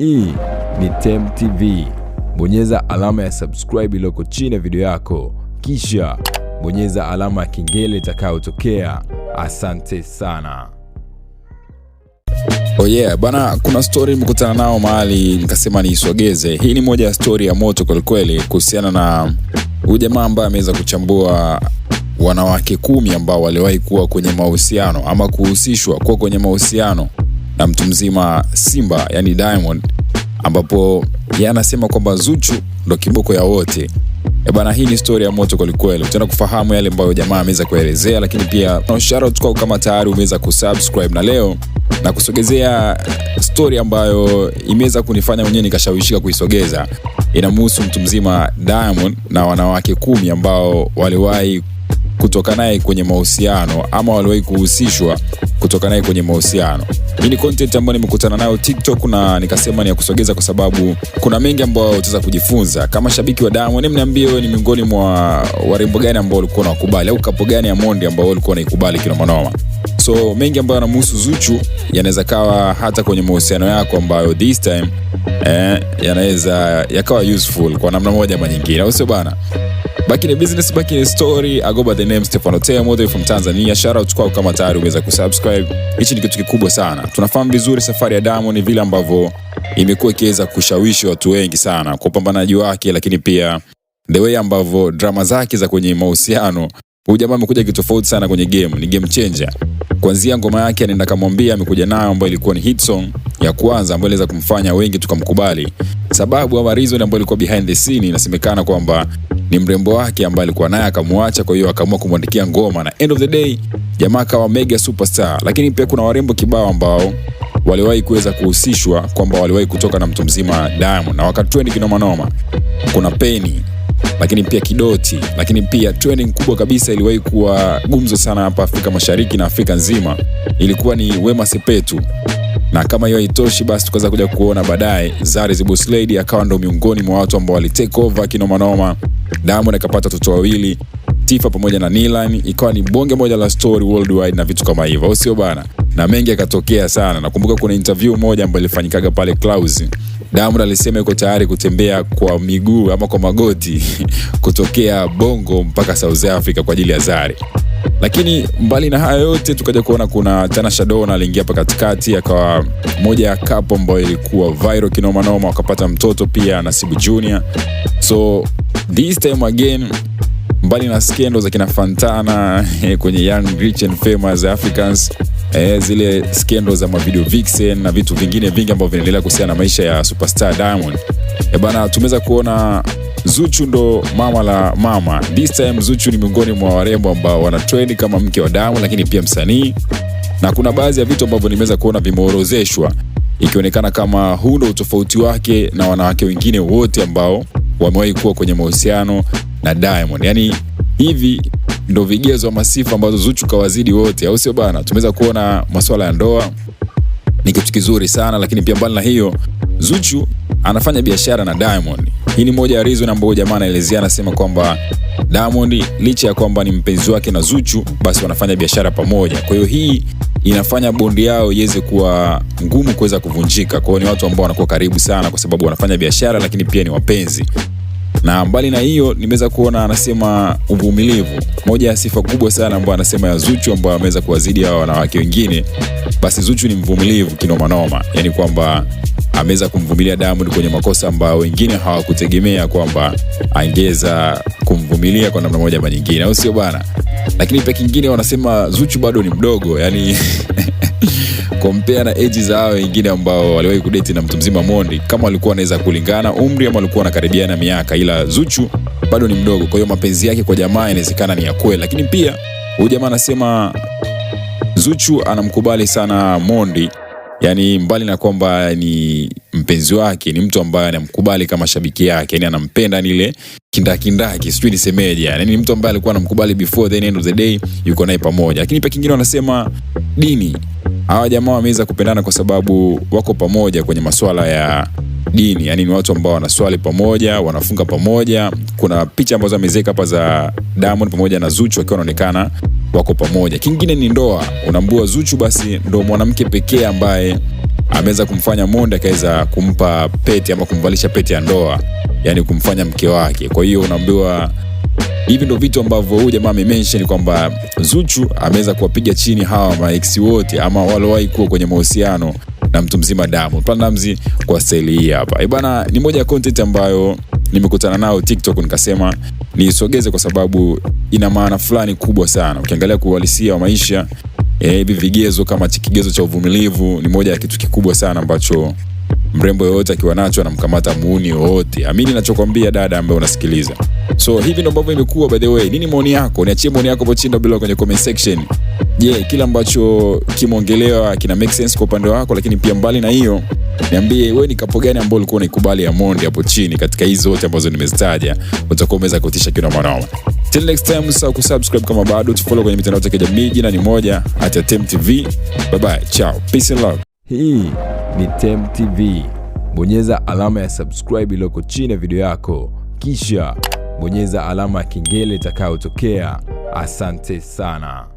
Hii ni Temu TV. Bonyeza alama ya subscribe iliyoko chini ya video yako, kisha bonyeza alama ya kengele itakayotokea. Asante sana. Oh yeah, bana, kuna stori mkutana nao mahali nikasema niisogeze. Hii ni moja ya stori ya moto kwelikweli kuhusiana na huyu jamaa ambaye ameweza kuchambua wanawake kumi ambao waliwahi kuwa kwenye mahusiano ama kuhusishwa kuwa kwenye mahusiano na mtu mzima Simba yani Diamond, ambapo yeye anasema kwamba Zuchu ndo kiboko ya wote. E bana, hii ni story ya moto kwelikweli. Utaenda kufahamu yale ambayo jamaa ameweza kuelezea, lakini pia shout out kwako kama tayari umeweza kusubscribe, na leo na kusogezea story ambayo imeweza kunifanya mwenyewe nikashawishika kuisogeza. Inamhusu mtu mzima Diamond na wanawake kumi ambao waliwahi kutoka naye kwenye mahusiano ama waliwahi kuhusishwa kutoka naye kwenye mahusiano. Hii ni content ambayo nimekutana nayo TikTok na nikasema ni ya kusogeza, kwa sababu kuna mengi ambayo utaweza kujifunza. Kama shabiki wa damu ni mniambie wewe ni miongoni mwa warembo gani ambao walikuwa unakubali au kapo gani ya Mondi ambao ulikuwa unaikubali kinomanoma. So mengi ambayo yanamhusu Zuchu yanaweza kawa hata kwenye mahusiano yako ambayo this time eh, yanaweza yakawa useful kwa namna moja ama nyingine, au sio bana? Back in the business, back in the story. I go by the name Stefano Temo from Tanzania. Shout out kama tayari umeweza kusubscribe. Hichi ni kitu kikubwa sana. Tunafahamu vizuri safari ya damu ni vile ambavyo imekuwa ikiweza kushawishi watu wengi sana kwa upambanaji wake, lakini pia the way ambavyo drama zake za kwenye mahusiano Huyu jamaa amekuja kitofauti sana kwenye game, ni game changer. Kuanzia ngoma yake anaenda kamwambia amekuja nayo ambayo ilikuwa ni hit song ya kwanza ambayo iliweza kumfanya wengi tukamkubali. Sababu ama reason ambayo ilikuwa behind the scene inasemekana kwamba ni mrembo wake ambaye alikuwa naye akamwacha, kwa hiyo akaamua kumwandikia ngoma na end of the day jamaa akawa mega superstar. Lakini pia kuna warembo kibao ambao waliwahi kuweza kuhusishwa kwamba waliwahi kutoka na mtu mzima Diamond na wakatrend kinomanoma Kuna Penny lakini pia kidoti, lakini pia trending kubwa kabisa iliwahi kuwa gumzo sana hapa Afrika Mashariki na Afrika nzima ilikuwa ni Wema Sepetu na kama hiyo haitoshi basi tukaweza kuja kuona baadaye Zari akawa ndo miongoni mwa watu ambao wali kinomanoma. Diamond akapata watoto wawili Tifa pamoja na Nilan, ikawa ni bonge moja la story worldwide na vitu kama hivyo, au sio bana? Na mengi akatokea sana. Nakumbuka kuna interview moja ambayo ilifanyikaga pale klaus Diamond alisema yuko tayari kutembea kwa miguu ama kwa magoti kutokea Bongo mpaka South Africa kwa ajili ya Zari. Lakini mbali na hayo yote, tukaja kuona kuna Tanasha Donna aliingia hapa katikati, akawa moja ya kapo ambayo ilikuwa viral kinoma noma, wakapata mtoto pia Nasibu Junior. So this time again mbali na skendo za kina Fantana kwenye Young Rich and Famous Africans, eh, zile skendo za mavideo vixen na vitu vingine vingi ambavyo vinaendelea kuhusiana na maisha ya superstar Diamond. Eh, bana tumeweza kuona Zuchu ndo mama la mama. This time Zuchu ni miongoni mwa warembo ambao wana trend kama mke wa Diamond, lakini pia msanii, na kuna baadhi ya vitu ambavyo nimeweza kuona vimeorozeshwa ikionekana kama huu ndo utofauti wake na wanawake wengine wote ambao wamewahi kuwa kwenye mahusiano na Diamond. Yaani hivi ndo vigezo ama sifa ambazo Zuchu kawazidi wote, au sio bana? Tumeweza kuona masuala ya ndoa ni kitu kizuri sana, lakini pia mbali na hiyo Zuchu anafanya biashara na Diamond. Hii ni moja ya reason ambayo jamaa anaelezea, anasema kwamba Diamond licha ya kwamba ni mpenzi wake na Zuchu, basi wanafanya biashara pamoja. Kwa hiyo hii inafanya bondi yao iweze kuwa ngumu kuweza kuvunjika. Kwa ni watu ambao wanakuwa karibu sana, kwa sababu wanafanya biashara, lakini pia ni wapenzi. Na mbali na hiyo, nimeweza kuona anasema uvumilivu, moja ya sifa kubwa sana ambayo anasema ya Zuchu ambayo ameweza kuwazidi hawa wanawake wengine. Basi Zuchu ni mvumilivu kinomanoma, yani kwamba ameweza kumvumilia Diamond kwenye makosa ambayo wengine hawakutegemea kwamba angeza kumvumilia kwa namna moja ama nyingine, au sio bana? Lakini pia kingine wanasema Zuchu bado ni mdogo yani ukiwakompea na eji za hawa wengine ambao waliwahi kudeti na mtu mzima Mondi, kama walikuwa wanaweza kulingana umri ama walikuwa wanakaribiana miaka, ila Zuchu bado ni mdogo. Kwa hiyo mapenzi yake kwa jamaa inawezekana ni ya kweli, lakini pia huyu jamaa anasema Zuchu anamkubali sana Mondi, yani mbali na kwamba ni mpenzi wake, ni mtu ambaye anamkubali kama shabiki yake, yani anampenda ni ile kindakindaki, sijui nisemeje, yani ni mtu ambaye alikuwa anamkubali before the end of the day, yuko naye pamoja. Lakini pia kingine wanasema dini hawa jamaa wameweza kupendana kwa sababu wako pamoja kwenye masuala ya dini, yani ni watu ambao wanaswali pamoja, wanafunga pamoja. Kuna picha ambazo amezeka hapa za damon pamoja na Zuchu wakiwa wanaonekana wako pamoja. Kingine ni ndoa, unambua Zuchu basi ndo mwanamke pekee ambaye ameweza kumfanya Monde akaweza kumpa peti ama kumvalisha peti ya ndoa, yani kumfanya mke wake. Kwa hiyo unaambiwa Hivi ndo vitu ambavyo huyu jamaa amemention kwamba Zuchu ameweza kuwapiga chini hawa maex wote ama walowahi kuwa kwenye mahusiano na mtu mzima Diamond Platnumz kwa staili hii hapa. Eh, bana ni moja ya content ambayo nimekutana nao TikTok nikasema niisogeze kwa sababu ina maana fulani kubwa sana. Ukiangalia kuuhalisia wa maisha eh, hivi eh, vigezo kama kigezo cha uvumilivu ni moja ya kitu kikubwa sana ambacho mrembo yoyote akiwa nacho anamkamata muuni yoyote. Amini nachokwambia dada ambaye unasikiliza. So hivi ndo ambavyo imekuwa by the way. Nini maoni yako? Niachie maoni yako hapo chini bila kwenye comment section. Je, yeah, kile ambacho kimeongelewa kina make sense kwa upande wako, lakini pia mbali na hiyo niambie wewe ni kapo gani ambao ulikuwa unaikubali ya mondi hapo chini katika hizo zote ambazo nimezitaja, utakuwa umeweza kutisha kina mwanaume Till next time, usisahau kusubscribe kama bado, tufollow kwenye mitandao ya kijamii, jina ni moja, at tv Bye bye, ciao, peace and love. Hii ni Tem TV. Bonyeza alama ya subscribe iliyoko chini ya video yako, kisha bonyeza alama ya kengele itakayotokea. Asante sana.